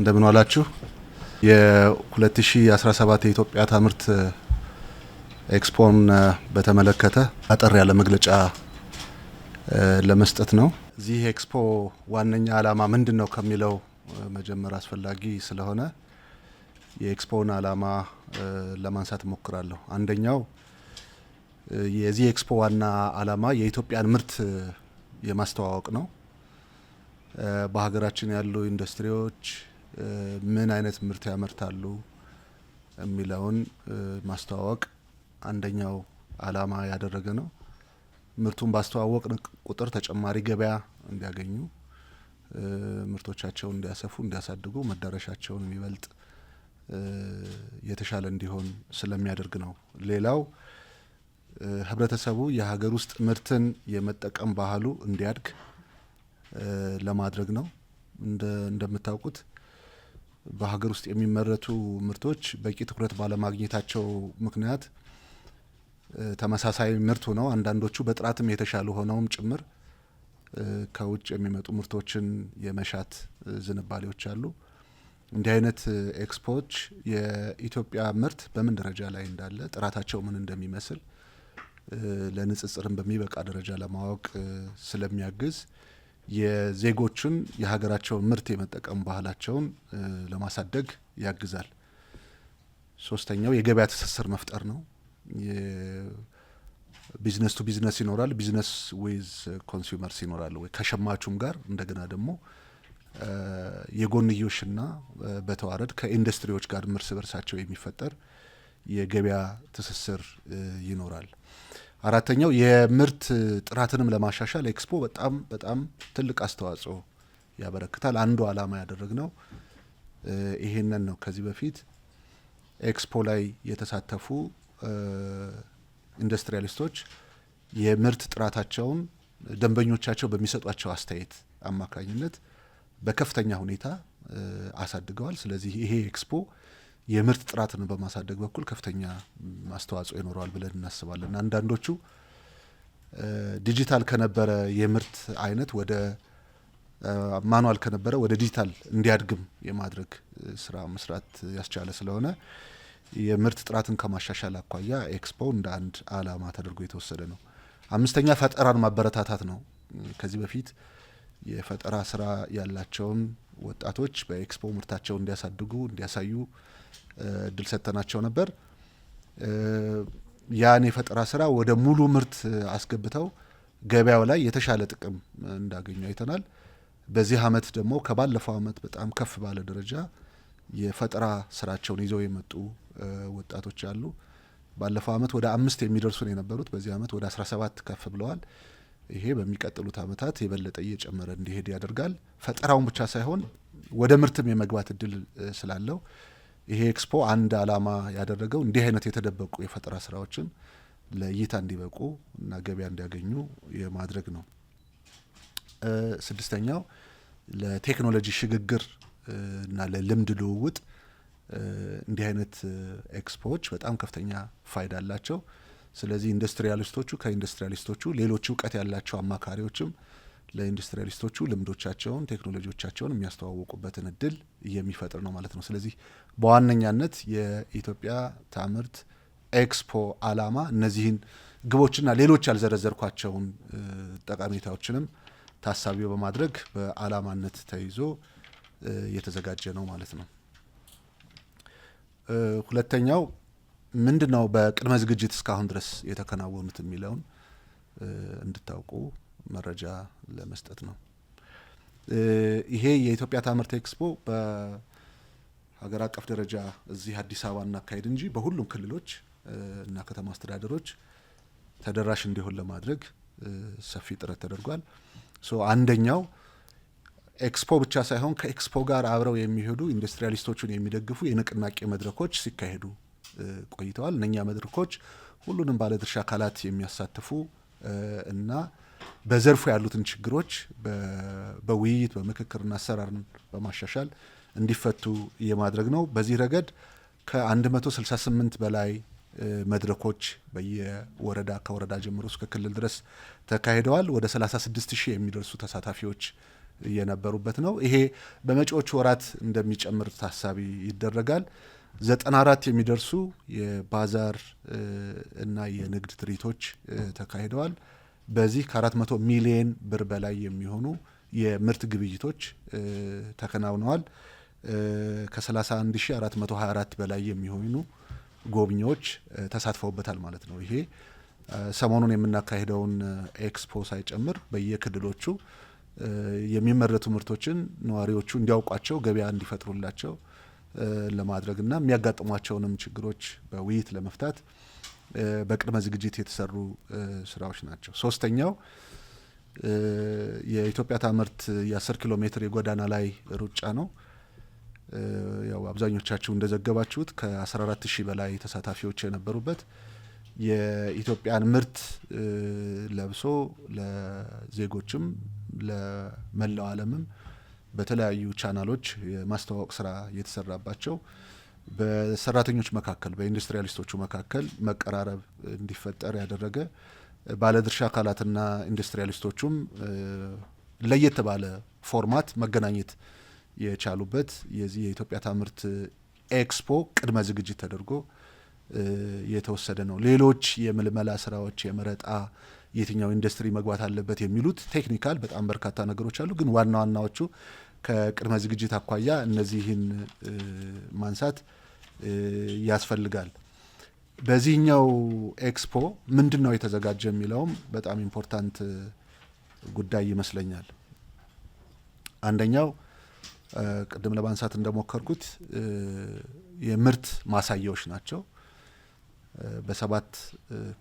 እንደምን ዋላችሁ። የ2017 የኢትዮጵያ ታምርት ኤክስፖን በተመለከተ አጠር ያለ መግለጫ ለመስጠት ነው። እዚህ ኤክስፖ ዋነኛ ዓላማ ምንድን ነው ከሚለው መጀመር አስፈላጊ ስለሆነ የኤክስፖን ዓላማ ለማንሳት እሞክራለሁ። አንደኛው የዚህ ኤክስፖ ዋና ዓላማ የኢትዮጵያን ምርት የማስተዋወቅ ነው። በሀገራችን ያሉ ኢንዱስትሪዎች ምን አይነት ምርት ያመርታሉ የሚለውን ማስተዋወቅ አንደኛው አላማ ያደረገ ነው። ምርቱን ባስተዋወቅ ቁጥር ተጨማሪ ገበያ እንዲያገኙ ምርቶቻቸውን እንዲያሰፉ፣ እንዲያሳድጉ መዳረሻቸውን የሚበልጥ የተሻለ እንዲሆን ስለሚያደርግ ነው። ሌላው ህብረተሰቡ የሀገር ውስጥ ምርትን የመጠቀም ባህሉ እንዲያድግ ለማድረግ ነው። እንደምታውቁት በሀገር ውስጥ የሚመረቱ ምርቶች በቂ ትኩረት ባለማግኘታቸው ምክንያት ተመሳሳይ ምርት ሆነው አንዳንዶቹ በጥራትም የተሻሉ ሆነውም ጭምር ከውጭ የሚመጡ ምርቶችን የመሻት ዝንባሌዎች አሉ። እንዲህ አይነት ኤክስፖዎች የኢትዮጵያ ምርት በምን ደረጃ ላይ እንዳለ፣ ጥራታቸው ምን እንደሚመስል ለንጽጽርም በሚበቃ ደረጃ ለማወቅ ስለሚያግዝ የዜጎችን የሀገራቸውን ምርት የመጠቀም ባህላቸውን ለማሳደግ ያግዛል። ሶስተኛው የገበያ ትስስር መፍጠር ነው። ቢዝነስ ቱ ቢዝነስ ይኖራል፣ ቢዝነስ ዊዝ ኮንሱመርስ ይኖራል ወይ ከሸማቹም ጋር እንደገና ደግሞ የጎንዮሽና በተዋረድ ከኢንዱስትሪዎች ጋር እርስ በርሳቸው የሚፈጠር የገበያ ትስስር ይኖራል። አራተኛው የምርት ጥራትንም ለማሻሻል ኤክስፖ በጣም በጣም ትልቅ አስተዋጽኦ ያበረክታል። አንዱ ዓላማ ያደረግነው ይሄንን ነው። ከዚህ በፊት ኤክስፖ ላይ የተሳተፉ ኢንዱስትሪያሊስቶች የምርት ጥራታቸውን ደንበኞቻቸው በሚሰጧቸው አስተያየት አማካኝነት በከፍተኛ ሁኔታ አሳድገዋል። ስለዚህ ይሄ ኤክስፖ የምርት ጥራትን በማሳደግ በኩል ከፍተኛ አስተዋጽኦ ይኖረዋል ብለን እናስባለን። አንዳንዶቹ ዲጂታል ከነበረ የምርት አይነት ወደ ማኑዋል ከነበረ ወደ ዲጂታል እንዲያድግም የማድረግ ስራ መስራት ያስቻለ ስለሆነ የምርት ጥራትን ከማሻሻል አኳያ ኤክስፖ እንደ አንድ አላማ ተደርጎ የተወሰደ ነው። አምስተኛ ፈጠራን ማበረታታት ነው። ከዚህ በፊት የፈጠራ ስራ ያላቸውን ወጣቶች በኤክስፖ ምርታቸውን እንዲያሳድጉ እንዲያሳዩ እድል ሰጥተናቸው ነበር። ያን የፈጠራ ስራ ወደ ሙሉ ምርት አስገብተው ገበያው ላይ የተሻለ ጥቅም እንዳገኙ አይተናል። በዚህ አመት ደግሞ ከባለፈው አመት በጣም ከፍ ባለ ደረጃ የፈጠራ ስራቸውን ይዘው የመጡ ወጣቶች አሉ። ባለፈው አመት ወደ አምስት የሚደርሱ ነው የነበሩት። በዚህ አመት ወደ አስራ ሰባት ከፍ ብለዋል። ይሄ በሚቀጥሉት ዓመታት የበለጠ እየጨመረ እንዲሄድ ያደርጋል። ፈጠራውን ብቻ ሳይሆን ወደ ምርትም የመግባት እድል ስላለው ይሄ ኤክስፖ አንድ ዓላማ ያደረገው እንዲህ አይነት የተደበቁ የፈጠራ ስራዎችን ለእይታ እንዲበቁ እና ገበያ እንዲያገኙ የማድረግ ነው። ስድስተኛው ለቴክኖሎጂ ሽግግር እና ለልምድ ልውውጥ እንዲህ አይነት ኤክስፖዎች በጣም ከፍተኛ ፋይዳ አላቸው። ስለዚህ ኢንዱስትሪያሊስቶቹ ከኢንዱስትሪያሊስቶቹ ሌሎች እውቀት ያላቸው አማካሪዎችም ለኢንዱስትሪያሊስቶቹ ልምዶቻቸውን፣ ቴክኖሎጂዎቻቸውን የሚያስተዋውቁበትን እድል የሚፈጥር ነው ማለት ነው። ስለዚህ በዋነኛነት የኢትዮጵያ ታምርት ኤክስፖ አላማ እነዚህን ግቦችና ሌሎች ያልዘረዘርኳቸውን ጠቀሜታዎችንም ታሳቢ በማድረግ በአላማነት ተይዞ የተዘጋጀ ነው ማለት ነው። ሁለተኛው ምንድን ነው በቅድመ ዝግጅት እስካሁን ድረስ የተከናወኑት የሚለውን እንድታውቁ መረጃ ለመስጠት ነው። ይሄ የኢትዮጵያ ታምርት ኤክስፖ በሀገር አቀፍ ደረጃ እዚህ አዲስ አበባ እናካሄድ እንጂ በሁሉም ክልሎች እና ከተማ አስተዳደሮች ተደራሽ እንዲሆን ለማድረግ ሰፊ ጥረት ተደርጓል። ሶ አንደኛው ኤክስፖ ብቻ ሳይሆን ከኤክስፖ ጋር አብረው የሚሄዱ ኢንዱስትሪያሊስቶቹን የሚደግፉ የንቅናቄ መድረኮች ሲካሄዱ ቆይተዋል። እነኛ መድረኮች ሁሉንም ባለድርሻ አካላት የሚያሳትፉ እና በዘርፉ ያሉትን ችግሮች በውይይት በምክክርና አሰራርን በማሻሻል እንዲፈቱ የማድረግ ነው። በዚህ ረገድ ከ168 በላይ መድረኮች በየወረዳ ከወረዳ ጀምሮ እስከ ክልል ድረስ ተካሂደዋል። ወደ 36 ሺህ የሚደርሱ ተሳታፊዎች የነበሩበት ነው። ይሄ በመጪዎቹ ወራት እንደሚጨምር ታሳቢ ይደረጋል። ዘጠና አራት የሚደርሱ የባዛር እና የንግድ ትርኢቶች ተካሂደዋል። በዚህ ከአራት መቶ ሚሊየን ብር በላይ የሚሆኑ የምርት ግብይቶች ተከናውነዋል። ከ31424 በላይ የሚሆኑ ጎብኚዎች ተሳትፈውበታል ማለት ነው። ይሄ ሰሞኑን የምናካሄደውን ኤክስፖ ሳይጨምር በየክልሎቹ የሚመረቱ ምርቶችን ነዋሪዎቹ እንዲያውቋቸው ገበያ እንዲፈጥሩላቸው ለማድረግና የሚያጋጥሟቸውንም ችግሮች በውይይት ለመፍታት በቅድመ ዝግጅት የተሰሩ ስራዎች ናቸው። ሶስተኛው የኢትዮጵያ ታምርት የአስር ኪሎ ሜትር የጎዳና ላይ ሩጫ ነው። ያው አብዛኞቻችሁ እንደዘገባችሁት ከ14 ሺህ በላይ ተሳታፊዎች የነበሩበት የኢትዮጵያን ምርት ለብሶ ለዜጎችም ለመላው ዓለምም በተለያዩ ቻናሎች የማስተዋወቅ ስራ የተሰራባቸው በሰራተኞች መካከል በኢንዱስትሪያሊስቶቹ መካከል መቀራረብ እንዲፈጠር ያደረገ ባለድርሻ አካላትና ኢንዱስትሪያሊስቶቹም ለየት ባለ ፎርማት መገናኘት የቻሉበት የዚህ የኢትዮጵያ ታምርት ኤክስፖ ቅድመ ዝግጅት ተደርጎ የተወሰደ ነው። ሌሎች የምልመላ ስራዎች፣ የመረጣ የትኛው ኢንዱስትሪ መግባት አለበት የሚሉት ቴክኒካል በጣም በርካታ ነገሮች አሉ። ግን ዋና ዋናዎቹ ከቅድመ ዝግጅት አኳያ እነዚህን ማንሳት ያስፈልጋል። በዚህኛው ኤክስፖ ምንድን ነው የተዘጋጀ የሚለውም በጣም ኢምፖርታንት ጉዳይ ይመስለኛል። አንደኛው ቅድም ለማንሳት እንደሞከርኩት የምርት ማሳያዎች ናቸው። በሰባት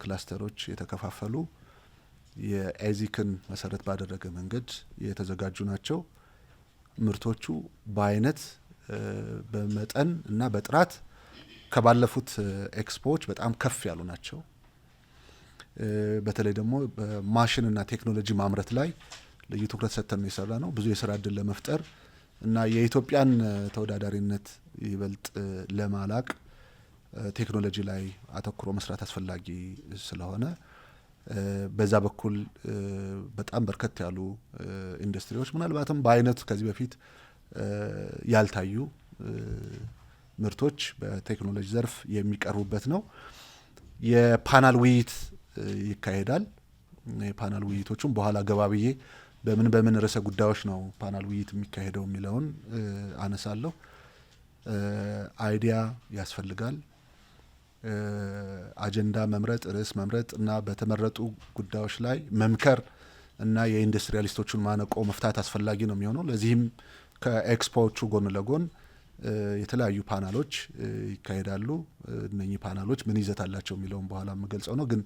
ክላስተሮች የተከፋፈሉ የኤዚክን መሰረት ባደረገ መንገድ የተዘጋጁ ናቸው። ምርቶቹ በአይነት በመጠን እና በጥራት ከባለፉት ኤክስፖዎች በጣም ከፍ ያሉ ናቸው። በተለይ ደግሞ በማሽንና ቴክኖሎጂ ማምረት ላይ ልዩ ትኩረት ሰጥተን የሰራ ነው። ብዙ የስራ እድል ለመፍጠር እና የኢትዮጵያን ተወዳዳሪነት ይበልጥ ለማላቅ ቴክኖሎጂ ላይ አተኩሮ መስራት አስፈላጊ ስለሆነ በዛ በኩል በጣም በርከት ያሉ ኢንዱስትሪዎች ምናልባትም በአይነት ከዚህ በፊት ያልታዩ ምርቶች በቴክኖሎጂ ዘርፍ የሚቀርቡበት ነው። የፓናል ውይይት ይካሄዳል። የፓናል ውይይቶቹም በኋላ ገባ ብዬ በምን በምን ርዕሰ ጉዳዮች ነው ፓናል ውይይት የሚካሄደው የሚለውን አነሳለሁ። አይዲያ ያስፈልጋል። አጀንዳ መምረጥ፣ ርዕስ መምረጥ እና በተመረጡ ጉዳዮች ላይ መምከር እና የኢንዱስትሪያሊስቶቹን ማነቆ መፍታት አስፈላጊ ነው የሚሆነው። ለዚህም ከኤክስፖዎቹ ጎን ለጎን የተለያዩ ፓናሎች ይካሄዳሉ። እነኚህ ፓናሎች ምን ይዘት አላቸው የሚለውን በኋላ የምገልጸው ነው። ግን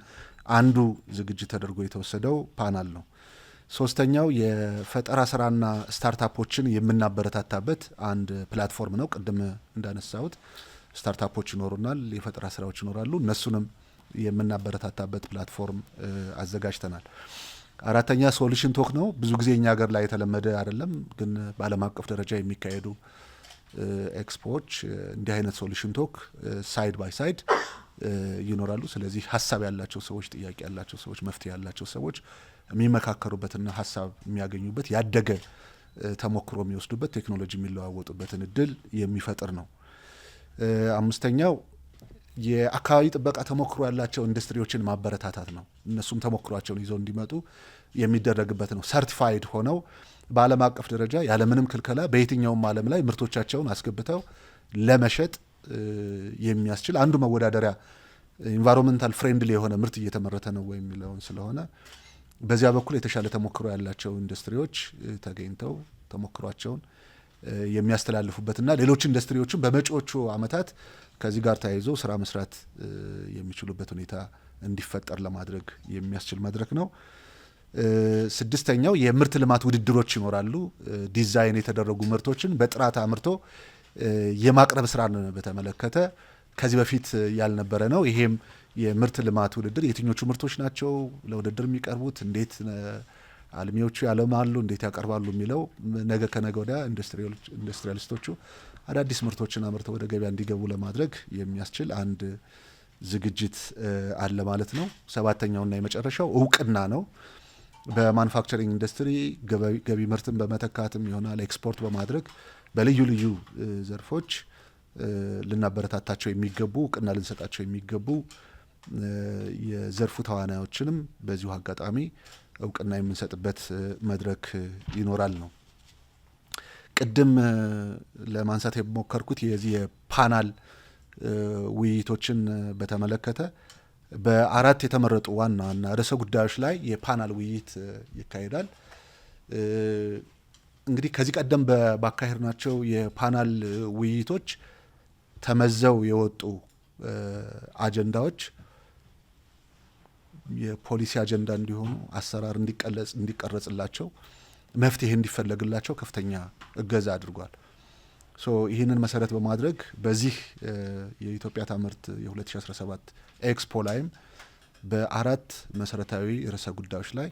አንዱ ዝግጅት ተደርጎ የተወሰደው ፓናል ነው። ሶስተኛው የፈጠራ ስራና ስታርታፖችን የምናበረታታበት አንድ ፕላትፎርም ነው። ቅድም እንዳነሳሁት ስታርታፖች ይኖሩናል፣ የፈጠራ ስራዎች ይኖራሉ። እነሱንም የምናበረታታበት ፕላትፎርም አዘጋጅተናል። አራተኛ ሶሉሽን ቶክ ነው። ብዙ ጊዜ እኛ ሀገር ላይ የተለመደ አይደለም፣ ግን በዓለም አቀፍ ደረጃ የሚካሄዱ ኤክስፖዎች እንዲህ አይነት ሶሉሽን ቶክ ሳይድ ባይ ሳይድ ይኖራሉ። ስለዚህ ሀሳብ ያላቸው ሰዎች፣ ጥያቄ ያላቸው ሰዎች፣ መፍትሄ ያላቸው ሰዎች የሚመካከሩበትና ሀሳብ የሚያገኙበት ያደገ ተሞክሮ የሚወስዱበት ቴክኖሎጂ የሚለዋወጡበትን እድል የሚፈጥር ነው። አምስተኛው የአካባቢ ጥበቃ ተሞክሮ ያላቸው ኢንዱስትሪዎችን ማበረታታት ነው። እነሱም ተሞክሯቸውን ይዘው እንዲመጡ የሚደረግበት ነው። ሰርቲፋይድ ሆነው በዓለም አቀፍ ደረጃ ያለምንም ክልከላ በየትኛውም ዓለም ላይ ምርቶቻቸውን አስገብተው ለመሸጥ የሚያስችል አንዱ መወዳደሪያ ኢንቫይሮንመንታል ፍሬንድሊ የሆነ ምርት እየተመረተ ነው ወይ የሚለውን ስለሆነ በዚያ በኩል የተሻለ ተሞክሮ ያላቸው ኢንዱስትሪዎች ተገኝተው ተሞክሯቸውን የሚያስተላልፉበትና ሌሎች ኢንዱስትሪዎችን በመጪዎቹ ዓመታት ከዚህ ጋር ተያይዞ ስራ መስራት የሚችሉበት ሁኔታ እንዲፈጠር ለማድረግ የሚያስችል መድረክ ነው። ስድስተኛው የምርት ልማት ውድድሮች ይኖራሉ። ዲዛይን የተደረጉ ምርቶችን በጥራት አምርቶ የማቅረብ ስራን በተመለከተ ከዚህ በፊት ያልነበረ ነው። ይሄም የምርት ልማት ውድድር የትኞቹ ምርቶች ናቸው ለውድድር የሚቀርቡት እንዴት አልሚዎቹ ያለማሉ፣ እንዴት ያቀርባሉ የሚለው ነገ ከነገ ወዲያ ኢንዱስትሪያሊስቶቹ አዳዲስ ምርቶችን አምርተው ወደ ገበያ እንዲገቡ ለማድረግ የሚያስችል አንድ ዝግጅት አለ ማለት ነው። ሰባተኛውና የመጨረሻው እውቅና ነው። በማኑፋክቸሪንግ ኢንዱስትሪ ገቢ ምርትን በመተካትም ይሆናል ኤክስፖርት በማድረግ በልዩ ልዩ ዘርፎች ልናበረታታቸው የሚገቡ እውቅና ልንሰጣቸው የሚገቡ የዘርፉ ተዋናዮችንም በዚሁ አጋጣሚ እውቅና የምንሰጥበት መድረክ ይኖራል ነው። ቅድም ለማንሳት የሞከርኩት የዚህ የፓናል ውይይቶችን በተመለከተ በአራት የተመረጡ ዋና ዋና ርዕሰ ጉዳዮች ላይ የፓናል ውይይት ይካሄዳል። እንግዲህ ከዚህ ቀደም ናቸው የፓናል ውይይቶች ተመዘው የወጡ አጀንዳዎች የፖሊሲ አጀንዳ እንዲሆኑ አሰራር እንዲቀለጽ እንዲቀረጽላቸው መፍትሄ እንዲፈለግላቸው ከፍተኛ እገዛ አድርጓል። ሶ ይህንን መሰረት በማድረግ በዚህ የኢትዮጵያ ታምርት የ2017 ኤክስፖ ላይም በአራት መሰረታዊ ርዕሰ ጉዳዮች ላይ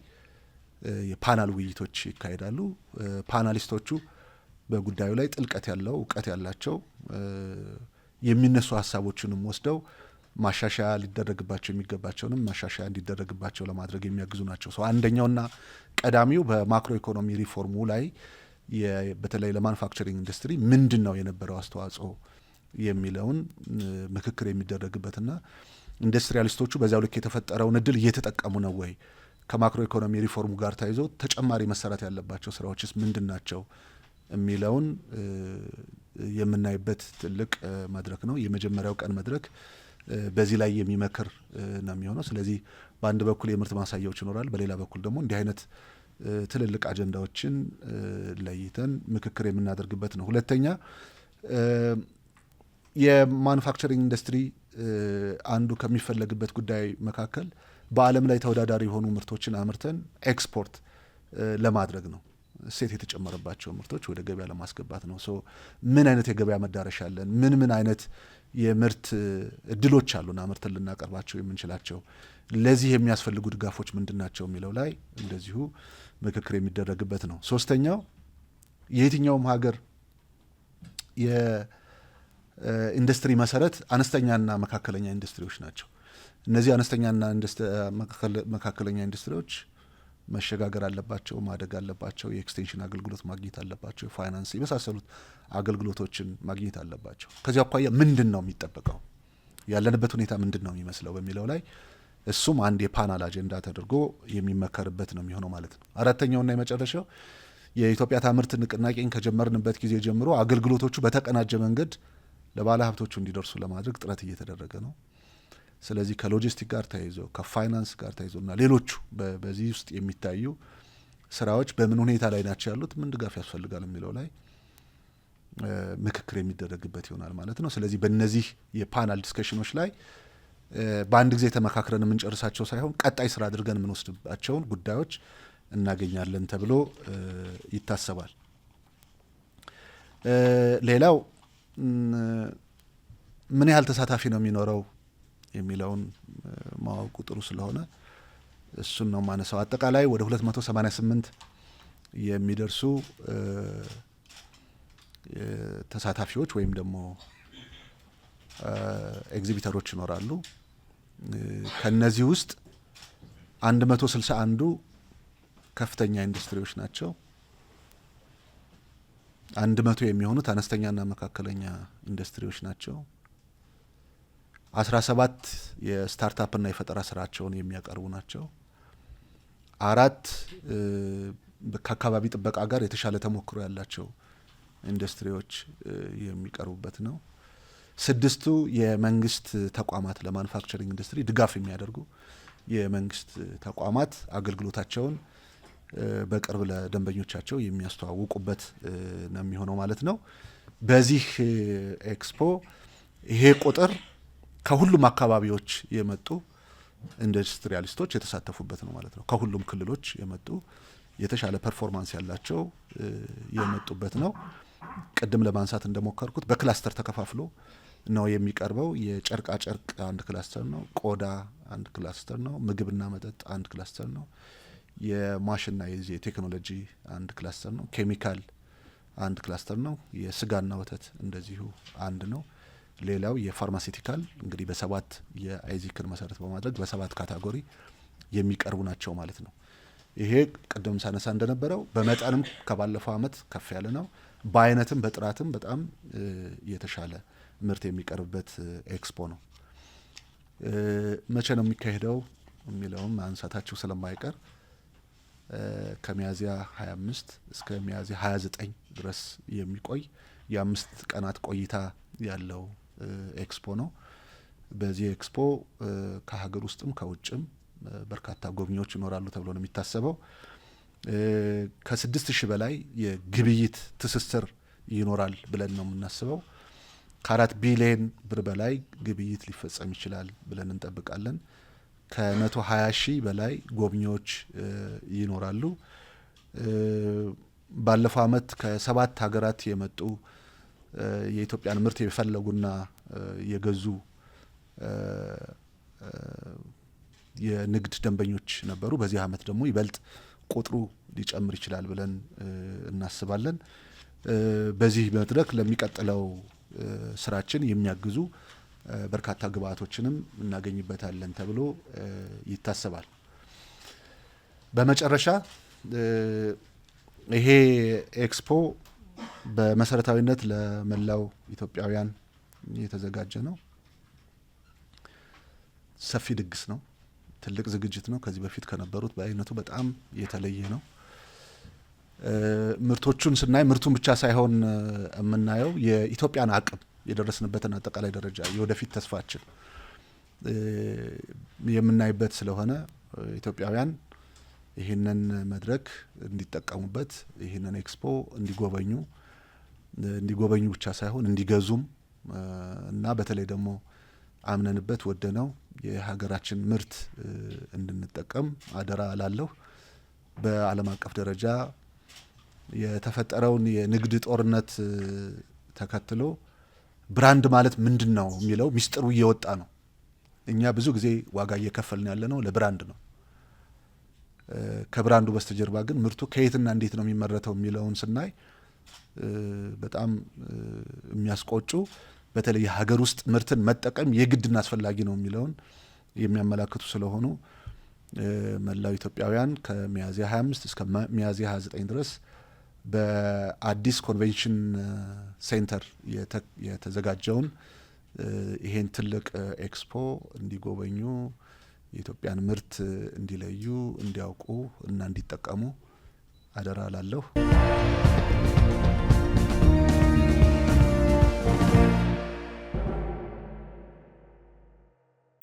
የፓናል ውይይቶች ይካሄዳሉ። ፓናሊስቶቹ በጉዳዩ ላይ ጥልቀት ያለው እውቀት ያላቸው የሚነሱ ሀሳቦችንም ወስደው ማሻሻያ ሊደረግባቸው የሚገባቸውንም ማሻሻያ እንዲደረግባቸው ለማድረግ የሚያግዙ ናቸው። ሰው አንደኛውና ቀዳሚው በማክሮ ኢኮኖሚ ሪፎርሙ ላይ በተለይ ለማኑፋክቸሪንግ ኢንዱስትሪ ምንድን ነው የነበረው አስተዋጽኦ የሚለውን ምክክር የሚደረግበትና ኢንዱስትሪያሊስቶቹ በዚያው ልክ የተፈጠረውን እድል እየተጠቀሙ ነው ወይ፣ ከማክሮ ኢኮኖሚ ሪፎርሙ ጋር ተያይዞ ተጨማሪ መሰራት ያለባቸው ስራዎችስ ምንድን ናቸው የሚለውን የምናይበት ትልቅ መድረክ ነው። የመጀመሪያው ቀን መድረክ በዚህ ላይ የሚመክር ነው የሚሆነው። ስለዚህ በአንድ በኩል የምርት ማሳያዎች ይኖራል፣ በሌላ በኩል ደግሞ እንዲህ አይነት ትልልቅ አጀንዳዎችን ለይተን ምክክር የምናደርግበት ነው። ሁለተኛ የማኑፋክቸሪንግ ኢንዱስትሪ አንዱ ከሚፈለግበት ጉዳይ መካከል በዓለም ላይ ተወዳዳሪ የሆኑ ምርቶችን አምርተን ኤክስፖርት ለማድረግ ነው። እሴት የተጨመረባቸው ምርቶች ወደ ገበያ ለማስገባት ነው። ሶ ምን አይነት የገበያ መዳረሻ አለን? ምን ምን አይነት የምርት እድሎች አሉና ምርትን ልናቀርባቸው የምንችላቸው ለዚህ የሚያስፈልጉ ድጋፎች ምንድን ናቸው የሚለው ላይ እንደዚሁ ምክክር የሚደረግበት ነው። ሶስተኛው የየትኛውም ሀገር የኢንዱስትሪ መሰረት አነስተኛና መካከለኛ ኢንዱስትሪዎች ናቸው። እነዚህ አነስተኛና መካከለኛ ኢንዱስትሪዎች መሸጋገር አለባቸው፣ ማደግ አለባቸው፣ የኤክስቴንሽን አገልግሎት ማግኘት አለባቸው፣ ፋይናንስ የመሳሰሉት አገልግሎቶችን ማግኘት አለባቸው። ከዚ አኳያ ምንድን ነው የሚጠበቀው፣ ያለንበት ሁኔታ ምንድን ነው የሚመስለው በሚለው ላይ እሱም አንድ የፓናል አጀንዳ ተደርጎ የሚመከርበት ነው የሚሆነው ማለት ነው። አራተኛውና የመጨረሻው የኢትዮጵያ ታምርት ንቅናቄን ከጀመርንበት ጊዜ ጀምሮ አገልግሎቶቹ በተቀናጀ መንገድ ለባለ ሀብቶቹ እንዲደርሱ ለማድረግ ጥረት እየተደረገ ነው። ስለዚህ ከሎጂስቲክ ጋር ተያይዞ ከፋይናንስ ጋር ተያይዞ እና ሌሎቹ በዚህ ውስጥ የሚታዩ ስራዎች በምን ሁኔታ ላይ ናቸው ያሉት፣ ምን ድጋፍ ያስፈልጋል የሚለው ላይ ምክክር የሚደረግበት ይሆናል ማለት ነው። ስለዚህ በእነዚህ የፓናል ዲስከሽኖች ላይ በአንድ ጊዜ ተመካክረን የምንጨርሳቸው ሳይሆን ቀጣይ ስራ አድርገን የምንወስድባቸውን ጉዳዮች እናገኛለን ተብሎ ይታሰባል። ሌላው ምን ያህል ተሳታፊ ነው የሚኖረው የሚለውን ማወቁ ጥሩ ስለሆነ እሱን ነው ማነሳው። አጠቃላይ ወደ 288 የሚደርሱ ተሳታፊዎች ወይም ደግሞ ኤግዚቢተሮች ይኖራሉ። ከነዚህ ውስጥ 161ዱ ከፍተኛ ኢንዱስትሪዎች ናቸው። አንድ መቶ የሚሆኑት አነስተኛና መካከለኛ ኢንዱስትሪዎች ናቸው። አስራ ሰባት የስታርታፕና የፈጠራ ስራቸውን የሚያቀርቡ ናቸው። አራት ከአካባቢ ጥበቃ ጋር የተሻለ ተሞክሮ ያላቸው ኢንዱስትሪዎች የሚቀርቡበት ነው። ስድስቱ የመንግስት ተቋማት ለማኑፋክቸሪንግ ኢንዱስትሪ ድጋፍ የሚያደርጉ የመንግስት ተቋማት አገልግሎታቸውን በቅርብ ለደንበኞቻቸው የሚያስተዋውቁበት ነው የሚሆነው ማለት ነው። በዚህ ኤክስፖ ይሄ ቁጥር ከሁሉም አካባቢዎች የመጡ ኢንዱስትሪያሊስቶች የተሳተፉበት ነው ማለት ነው። ከሁሉም ክልሎች የመጡ የተሻለ ፐርፎርማንስ ያላቸው የመጡበት ነው። ቅድም ለማንሳት እንደሞከርኩት በክላስተር ተከፋፍሎ ነው የሚቀርበው። የጨርቃ ጨርቅ አንድ ክላስተር ነው፣ ቆዳ አንድ ክላስተር ነው፣ ምግብና መጠጥ አንድ ክላስተር ነው፣ የማሽንና የዚህ የቴክኖሎጂ አንድ ክላስተር ነው፣ ኬሚካል አንድ ክላስተር ነው፣ የስጋና ወተት እንደዚሁ አንድ ነው። ሌላው የፋርማሲቲካል እንግዲህ በሰባት የአይዚክን መሰረት በማድረግ በሰባት ካታጎሪ የሚቀርቡ ናቸው ማለት ነው። ይሄ ቅድም ሳነሳ እንደነበረው በመጠንም ከባለፈው አመት ከፍ ያለ ነው። በአይነትም በጥራትም በጣም የተሻለ ምርት የሚቀርብበት ኤክስፖ ነው። መቼ ነው የሚካሄደው የሚለውም አንሳታችሁ ስለማይቀር ከሚያዝያ 25 እስከ ሚያዝያ 29 ድረስ የሚቆይ የአምስት ቀናት ቆይታ ያለው ኤክስፖ ነው። በዚህ ኤክስፖ ከሀገር ውስጥም ከውጭም በርካታ ጎብኚዎች ይኖራሉ ተብሎ ነው የሚታሰበው። ከስድስት ሺህ በላይ የግብይት ትስስር ይኖራል ብለን ነው የምናስበው። ከአራት ቢሊየን ብር በላይ ግብይት ሊፈጸም ይችላል ብለን እንጠብቃለን። ከመቶ ሀያ ሺህ በላይ ጎብኚዎች ይኖራሉ። ባለፈው ዓመት ከሰባት ሀገራት የመጡ የኢትዮጵያን ምርት የፈለጉና የገዙ የንግድ ደንበኞች ነበሩ። በዚህ አመት ደግሞ ይበልጥ ቁጥሩ ሊጨምር ይችላል ብለን እናስባለን። በዚህ መድረክ ለሚቀጥለው ስራችን የሚያግዙ በርካታ ግብአቶችንም እናገኝበታለን ተብሎ ይታሰባል። በመጨረሻ ይሄ ኤክስፖ በመሰረታዊነት ለመላው ኢትዮጵያውያን የተዘጋጀ ነው። ሰፊ ድግስ ነው። ትልቅ ዝግጅት ነው። ከዚህ በፊት ከነበሩት በአይነቱ በጣም የተለየ ነው። ምርቶቹን ስናይ ምርቱን ብቻ ሳይሆን የምናየው የኢትዮጵያን አቅም የደረስንበትን አጠቃላይ ደረጃ የወደፊት ተስፋችን የምናይበት ስለሆነ ኢትዮጵያውያን ይህንን መድረክ እንዲጠቀሙበት ይህንን ኤክስፖ እንዲጎበኙ እንዲጎበኙ ብቻ ሳይሆን እንዲገዙም እና በተለይ ደግሞ አምነንበት ወደነው የሀገራችን ምርት እንድንጠቀም አደራ ላለሁ። በዓለም አቀፍ ደረጃ የተፈጠረውን የንግድ ጦርነት ተከትሎ ብራንድ ማለት ምንድን ነው የሚለው ሚስጥሩ እየወጣ ነው። እኛ ብዙ ጊዜ ዋጋ እየከፈልን ያለ ነው ለብራንድ ነው። ከብራንዱ በስተጀርባ ግን ምርቱ ከየትና እንዴት ነው የሚመረተው የሚለውን ስናይ በጣም የሚያስቆጩ በተለይ የሀገር ውስጥ ምርትን መጠቀም የግድና አስፈላጊ ነው የሚለውን የሚያመላክቱ ስለሆኑ መላው ኢትዮጵያውያን ከሚያዝያ 25 እስከ ሚያዝያ 29 ድረስ በአዲስ ኮንቬንሽን ሴንተር የተዘጋጀውን ይሄን ትልቅ ኤክስፖ እንዲጎበኙ የኢትዮጵያን ምርት እንዲለዩ፣ እንዲያውቁ እና እንዲጠቀሙ አደራ ላለሁ